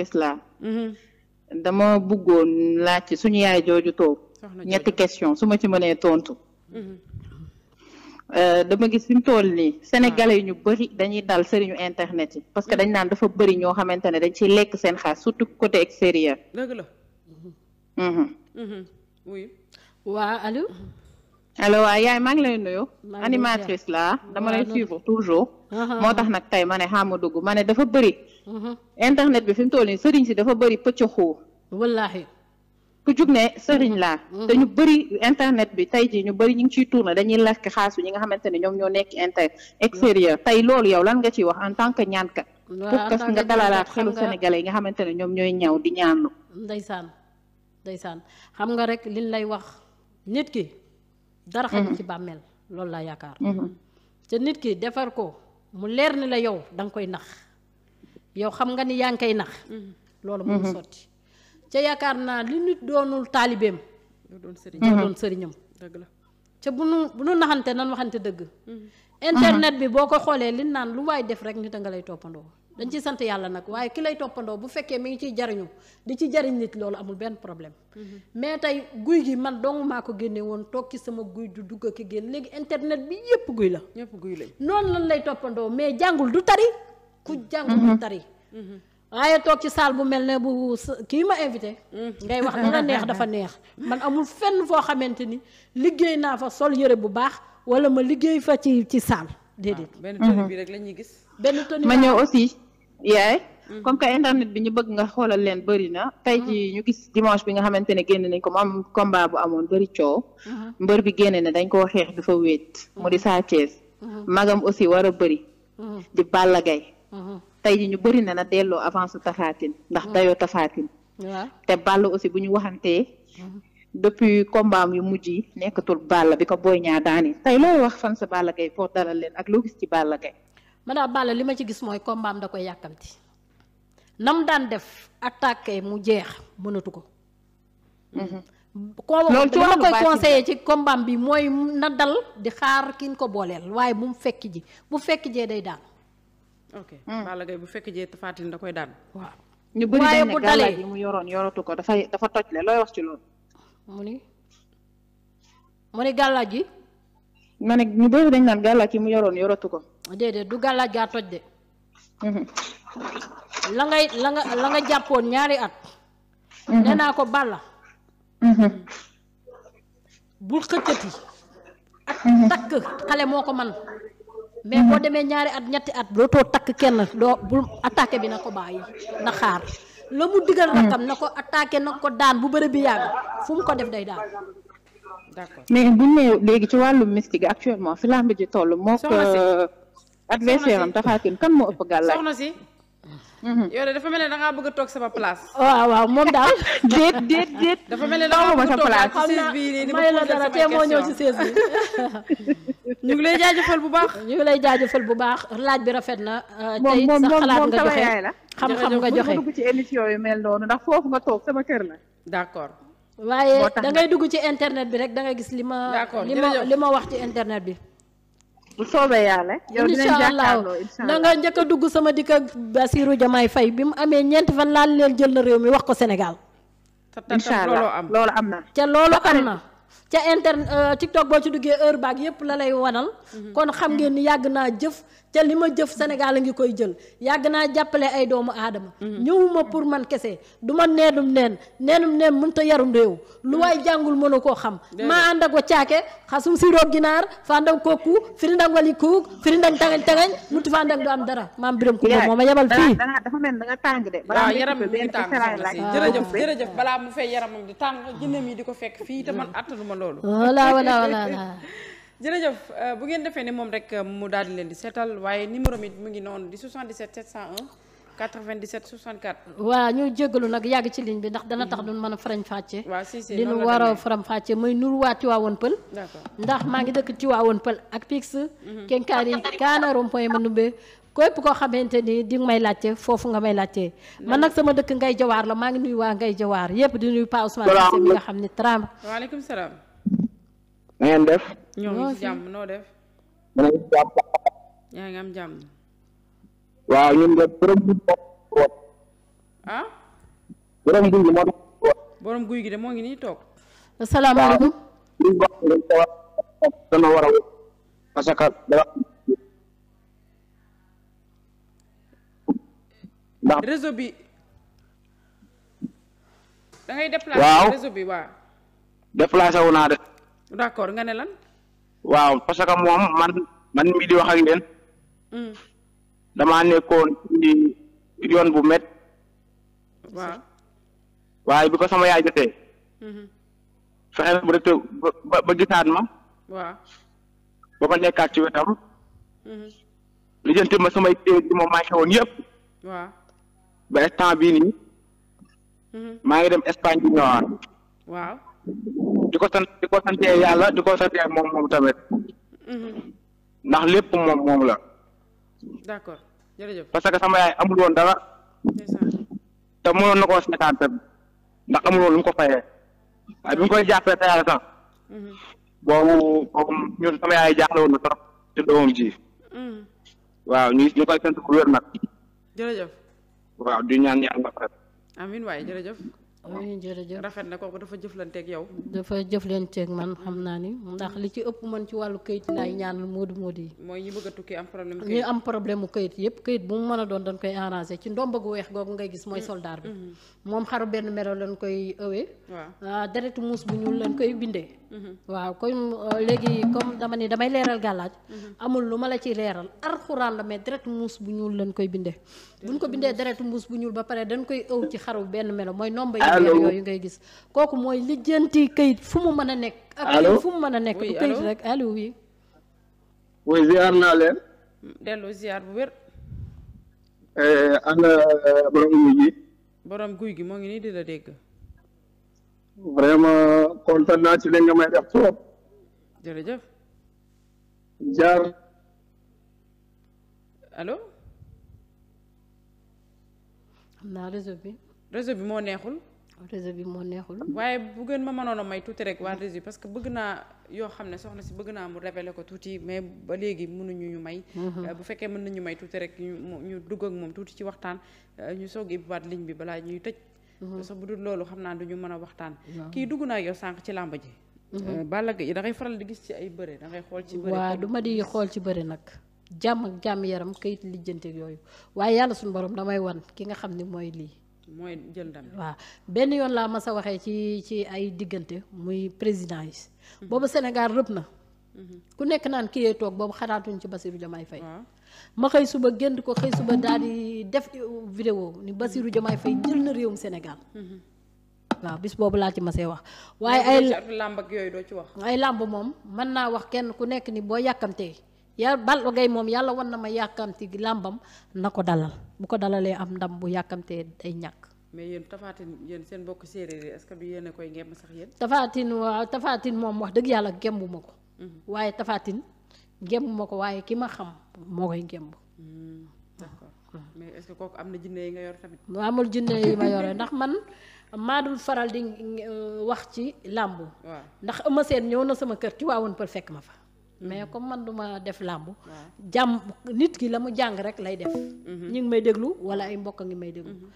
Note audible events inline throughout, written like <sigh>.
l'islam mm-hmm. dama bëggoon laa ci suñu yaay jooju toog ñetti question su ma ci mënee tontu mm-hmm. euh, dama gis fi tool nii sénégalais ah. yi ñu bëri dañuy dal sëriñu internet yi parce que mm-hmm. dañ naan dafa bëri ñoo xamante ne dañ ciy lekk seen xaalis surtout côté extérieur dëgg la waa allo allo yaay maa lay nuyu animatrice la dama lay suivre uh-huh. moo tax nag tey ma ne xaama dugg ma ne dafa bëri Uh-huh. internet bi fi mu toll nii sëriñ si dafa bëri pëcc xoo. wallaahi. ku jug ne sëriñ laa. Uh-huh. te ñu bëri internet bi tey jii ñu bëri ñu ngi ciy tourné dañuy lakk xaasu ñi nga xamante ne ñoom ñoo nekk inter uh-huh. extérieur tey loolu yow lan nga ciy wax en tant que ñaankat. waaw pour que nga dalalaat xelu sénégalais yi nga xamante ne ñoom ñooy ñaw di ñaanu ndeysaan ndeysaan xam nga rek liñ lay wax nit ki. dara xajul ci bàmmeel loolu laa yaakaar. te nit ki defar ko mu leer ni la yow da nga koy nax. yow xam nga ni yaa ngi koy nax mm-hmm. loolu moom mm-hmm. sotti ca yaakaar naa li nit doonul taalibeem mm-hmm. doon sëriñam dëgg la ca bu nu bu nu naxante nan waxante dëgg internet bi boo ko xoolee li naan lu waay def rek ñu a nga lay toppandoo dañ ci sant yàlla nag waaye ki lay toppandoo bu fekkee mi ngi ciy jariñoo di ci jariñ nit loolu amul benn problème mais tey guy gi man dong maa ko génne woon toog ci sama guy du dugg ak génn léegi internet bi yépp guy la ñépp guy la noonu lan lay toppandoo mais jàngul du tari ku mm-hmm. jàng mu tari mm-hmm. waaye toog ci saal bu mel ne bu kii ma invité mm-hmm. ngay wax na la neex dafa <laughs> neex man amul fenn foo xamante ni liggéey naa fa sol yëre bu baax wala ma liggéey fa ci ci saal déedéet benn tenue bi rek lañuy gis benn tenue ma ñëw aussi yaay comme que internet bi ñu bëgg nga xoolal leen bëri na tey ji ñu gis dimanche bi nga xamante ne génn nañ ko mu am combat bu amoon bëri coow mbër bi génne na dañ koo xeex dafa wéet mu di Sa Thiès magam aussi war a bëri di Balla Gaye Uh-huh. tey ji ñu bari na na delloo avance tafaatin ndax uh-huh. dayoo tafaatin te Balla aussi bu ñu waxantee uh-huh. depuis kombaam yu mujj yi nekkatul Balla bi ko booy Niang daani tey looy wax fan sa Balla Gaye pour dalal leen ak loo gis ci Balla Gaye man daal li ma ci gis mooy kombaam da koy yàkkamti nam daan def attaqué mu jeex mënatu ko ko loolu ci ma koy conseillé ci kombaam bi mooy na dal di xaar kin ko booleel waaye bu mu fekk ji bu fekk jee day daan ok hmm. Balla bu fekkee jee Tapha Tine da koy daan waaw. ñu bëri dañ ne gàllaaj yi mu yoroon yoratu ko dafa dafa toj le wax ci loolu. mu ni mu ni gàllaaj yi. ma ne ñu bëri dañ naan gàllaaj yi mu yoroon yoratu ko. déedéet du gàllaaj gaa toj de. Hmm. la ngay la nga jàppoon ñaari at. Hmm. nee naa ko Balla. bul xëccati. ak takk xale moo ko man mais boo mhm. demee ñaari at ñetti at dootoo takk kenn doo bul attaqué bi na ko bàyyi na xaar la mu digal mhm. rakam na ko attaqué na ko daan bu bëri bi yàgg fu mu ko def day daan d'accord mais bu ñu léegi ci wàllu mystique actuellement fi lamb ji toll moo ko euh, adversaire am Tapha kan moo ëpp gàllaaj soxna si Mm-hmm. yow de dafa mel ne da bëgg a toog sama place. waaw waaw moom daal déet déet déet. dafa mel ne da ngaa bëgg a toog daal ci chaise bii nii di ma posé sama question moo ñëw ci chaise bi. <laughs> ñu ngi lay jaajëfal bu baax. ñu ngi lay jaajëfal bu baax laaj bi rafet na. Euh, tey sa xalaat nga joxe xam-xam nga joxe. dugg ci émission yu mel noonu ndax foofu nga toog sama kër la. d'accord. waaye da ngay dugg ci internet bi rek da ngay gis li ma. li ma li ma wax ci internet bi. bu soobee yàlla. yow allah na nga njëkk a dugg sama dikk ak Bassirou Diomaye Faye bi mu amee ñeent fan laal leen jël na réew mi wax ko Sénégal. incha allah loolu am na ca loolu am na. ca internet euh, TikTok boo ci duggee heure baag yépp la lay wanal. Mhm. kon xam ngeen ni yàgg naa jëf ca li ma jëf senegal a ngi koy jël yàgg naa jàppale ay doomu aadama mm-hmm. ñëwuma pour man kese du ma neenum neen neenum neen mën ta yarum réew lu waay mm-hmm. jàngul mënu koo xam maa ànd ak wa caake xasum siroo ginaar fandang kokku firindang wali kuuk firindang tangañ tangañ mutu fandang du am dara maam biram ko moom a yebal fii dafa mel da nga tàng de waaw yaram mi ngi tàng jërëjëf ah. jërëjëf balaa mu fay yaramam di tàng jinam yi di ko fekk fii te man ah. attanu ma loolu ah, wala wala wala <laughs> jërëjëf euh, bu ngeen defee ne moom rek euh, mu daal di leen di seetal waaye numéro mi mu ngi noonu di 77 701. 97 64. waaw ñu jégalu nag yàgg ci ligne bi ndax dana tax duñ mën a farañ fàcce. waaw si war a faram fàcce mooy nur waa Tiwaawoon Pël. ndax maa ngi dëkk Tiwaawoon Pël ak Pix. Mhm. kenkaari kaana rond-point Manoumbe képp koo xamante ni di may laajte foofu nga may laajte. man nag sama dëkk Ngay Jawaar la maa ngi nuy waa Ngay Jawaar yëpp di nuyu Pa Ousmane. mi nga xam ne tram. waaleykum salaam. na def. ñoo jàmm noo def. ñu ngi am jàmm. waaw ñun de borom guy moo toog. ah. guy gi de moo ngi nii toog. asalaamaaleykum. dana war a parce que réseau bi. da ngay wu naa de. d'accord nga ne lan. waaw parce que moom man man di wax ak leen mm. damaa nekkoon ci yoon bu met. waaw waaye bi ko sama yaay jotee. Mm-hmm. fexe na bu rek ba ba gisaat ma. waaw ba ma nekkaat ci wetam. Mm-hmm. lijjanti ma samay téye bi ma manqué woon yëpp. waaw ba instant bii nii. Mm-hmm. maa ngi dem Espagne bi waaw. di ko sant di ko santee yàlla di ko moom moom tamit mm-hmm. ndax lépp moom moom la jërëjëf parce que sama yaay amul woon dara te mënoon na koo seetaan te ndax amul lu mu ko fayee waaye bi mu koy jàppee te yàlla tax mm-hmm. boobu boobu ñun sama yaay jaaxle woon na trop ci doomam ji mm-hmm. waaw ñu ñu koy sant bu wér nag jërëjëf waaw di ñaan yàlla nga fay amiin waay jërëjëf jërëjëf rafet na kooku dafa jëflanteeg yow. dafa jëflanteeg man xam naa ni ndax li ci ëpp man ci wàllu kayit laay ñaanal moodu moodu yi. mooy ñi bëgg a tukki am problème kayit am problème mu kayit yëpp kayit bu mu mën a doon dañ koy arrangé ci ndomba gu weex googu ngay gis mooy mm. soldaar bi. Mm-hmm. moom xaru benn melo lañ koy ëwee. waaw ah, deretu muus bu ñuul lañ koy bindee. Mm-hmm. waaw comme euh, léegi comme dama ni damay leeral gàllaaj mm-hmm. amul lu ma la ci leeral arxuraan la mais deret muus bu ñuul lan koy bindee buñ ko bindee deret muus bu ñuul ba pare dañ koy ëw ci xaru benn melo mooy nomba yi yooyu ngay gis kooku mooy lijjanti këyit fu mu mën a nekk ak fu mu mën a nekk du këyit rek allo oui oui ziar naa leen dellu ziar bu wér eh, ana euh, guy gi guy gi moo ngi nii di la dégg vraiment kontaan naa ci li nga may def trop. jërëjëf. jaar. allo. xam naa réseau bi. réseau bi moo neexul. réseau bi moo neexul. waaye bu gën ma mënoon a may tuuti rek waa réseau bi parce que bëgg naa yoo xam ne soxna si bëgg naa mu révéler ko tuuti mais ba léegi mënuñu ñu may. Mhm. Euh, bu fekkee mën nañu may tuuti rek ñu ñu dugg moom tuuti ci waxtaan euh, ñu soog ibbaat ligne bi balaa ñuy tëj. te sax bu dul loolu xam naa du ñu mën a waxtaan. kii dugg naa yow sànq ci làmb ji. Mhm. Euh, Balla Gaye da faral di gis ci ay bëre da ngay xool ci bëre. di xool ci bëre nag. jàmm ak jàmm yaram kayit lijjante yooyu waaye yàlla suñu borom damay wan ki nga xam ne mooy lii. mooy jël ndam waaw benn yoon laa mas a waxee ci ci ay diggante muy président yi. Mhm. boobu Sénégal rëb na. Mhm. ku nekk naan ki yee toog boobu xalaatuñ ci Bassirou Diomaye Faye. ma xëy suba gént ko xëy suba daal di def vidéo ni Bassirou Diomaye Faye jël na réewum Sénégal. Mm-hmm. waaw bis boobu laa ci ma masee wax. waaye ay làmb yooyu doo ci wax. ay làmb moom mën naa wax kenn ku nekk ni boo yàkkamtee ya Balla Gaye moom yàlla wan na ma yàkkamti làmbam na ko dalal bu ko dalalee am ndam bu yàkkamtee day ñàkk. mais yéen tafaatin yéen seen bokk séeréer yi est du yéen a koy ngemb sax yéen. tafaatin waaw tafaatin moom wax dëgg yàlla gembu ko. Mm-hmm. waaye tafaatin gémm ma ko waaye ki ma xam moo koy gémm d'accord hmm. Hmm. am na jinne yi nga yor tamit mu amul jinne yi ma yore ndax man maadul dul faral di euh, wax ci làmb ndax Eumeu Sène ñëw na sama kër ci waawoon pël fekk ma fa hmm. mais comme man duma def làmb jàmm nit ki la mu jàng rek lay def ñi ngi may déglu wala ay mbokk ngi may déglu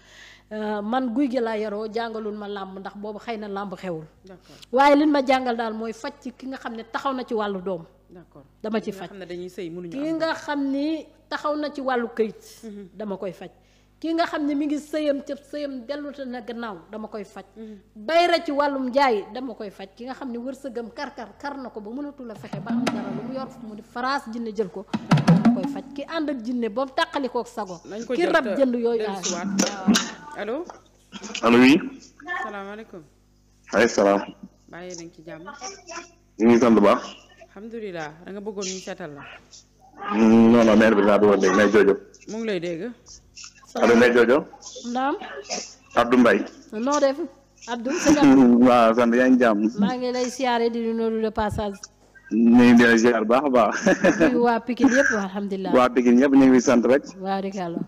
euh, man guy gi laa yaroo jàngalul ma làmb ndax boobu xëy na làmb xewul waaye liñ ma jàngal daal mooy faj ci ki nga xam ne taxaw na ci wàllu doom d'accord dama ci faj kii nga xam ni taxaw na ci wàllu këyit mhm. dama koy faj ki nga xam ne mi ngi sëyam ca sëyam delluta na gannaaw dama koy faj mhm. bayra ci wàllum njaay dama koy faj ki nga xam ne wërsëgam kar-kar kar na ko ba mënatul a fexe ba am dara lu mu yor fu mu di faraas jinne jël ko dama koy faj ki ànd ak jinne ba tàqali kook sago ki rab jënd yooyu waaw allo allo oui salaamaaleykum ay salaam bàyyi ngi sant bu alhamdulilah da nga bëggoon ñu seetal la. Mm, non non mère bi laa bëggoon dégg Ndeye Jojo. mu ngi lay dégg. allo Ndeye Jojo. naam. Abdou Mbaye. noo def Abdou. <laughs> waaw sant yaa ngi jàmm. maa ngi lay baax a baax. waa Pikine yëpp alhamdulilah. waa Pikine yëpp ñu ngi sant rek. waaw rek yàlla.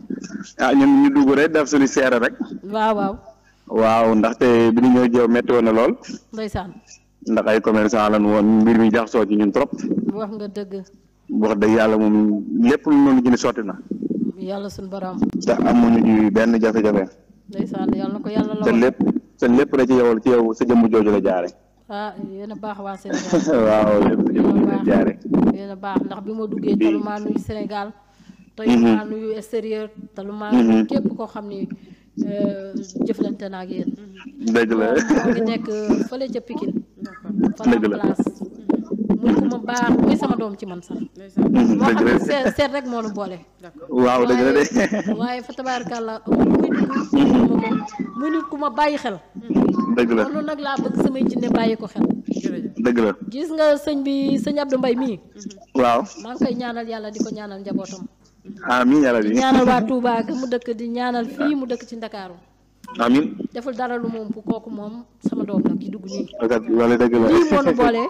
ah ñun ñu dugg rek def suñu seere rek. waaw waaw. waaw ndaxte bi ñu ñëw jëw metti woon na lool. ndeysaan. ndax ay commerçant lan woon mbir mi jaxasoo ci ñun trop. wax nga dëgg. wax dëgg yàlla moom lépp lu noonu ci sotti na. yàlla suñu boroom. te amuñu ci benn jafe-jafe. ndeysaan yàlla ko yàlla la te lépp te lépp la sa jëmm jooju la jaare ah baax waa Sénégal. <laughs> waaw lépp jëmm jooju la jaare yéen baax ndax bi ma duggee talu maa nuyu Sénégal. tey mhm. maa nuyu extérieur. talu maa nuyu mhm. képp koo xam ni euh, jëflante na ak yéen. la moo ngi nekk euh, fële ca Pikine. dëgg la mhm. muy sama baax muy sama doom ci man sax. Mhm, moo xam ne seet seet rek moo lu waaw dëgg la de. waaye fa tabaarkàlla muy nit mhm. muy ku ma bàyyi xel. dëgg la loolu nag laa bëgg dëgg la gis nga sëñ bi sëñ Abdou Mbaye mii. waaw maa ngi koy ñaanal yàlla di ko ñaanal njabootam. amiin yàlla di ñaanal waa Touba mu dëkk di ñaanal fii mu dëkk ci Ndakaaru. amin deful dara lu moom bu kooku moom sama doom la ki dugg nii. wala dëgg boole.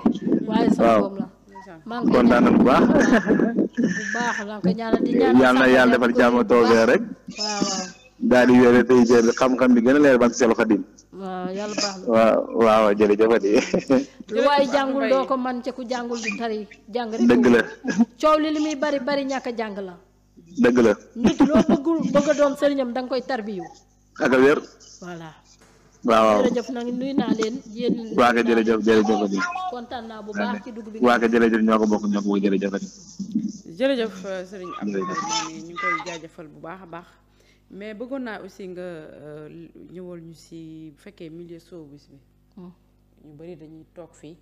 waaye sama doom la. ngi kontaan bu baax. bu baax la ko ñaanal di ñaanal yàlla bi gën a leer ban selu xadim. baax waaw waaw jërëjëf Adi. ko man ku jàngul du tari jàng rek. la coow li muy bari bari ñàkk a la. dëgg la. nit da nga koy tarbiyu ak a wér. voilà. waaw jërëjëf nag nuyu naa leen. yéen waa ka jërëjëf jërëjëf ati. kontaan naa bu baax ci dugub bi waa ka jërëjëf ñoo ko bokk ñoo ko jërëjëf ati. jërëjëf euh, sëriñ Abdou ñu ngi koy jaajëfal bu baax a baax. mais bëggoon naa aussi nga euh, ñëwal ñu si bu fekkee milieu showbiz bi. Hmm. ñu bëri dañuy toog fii.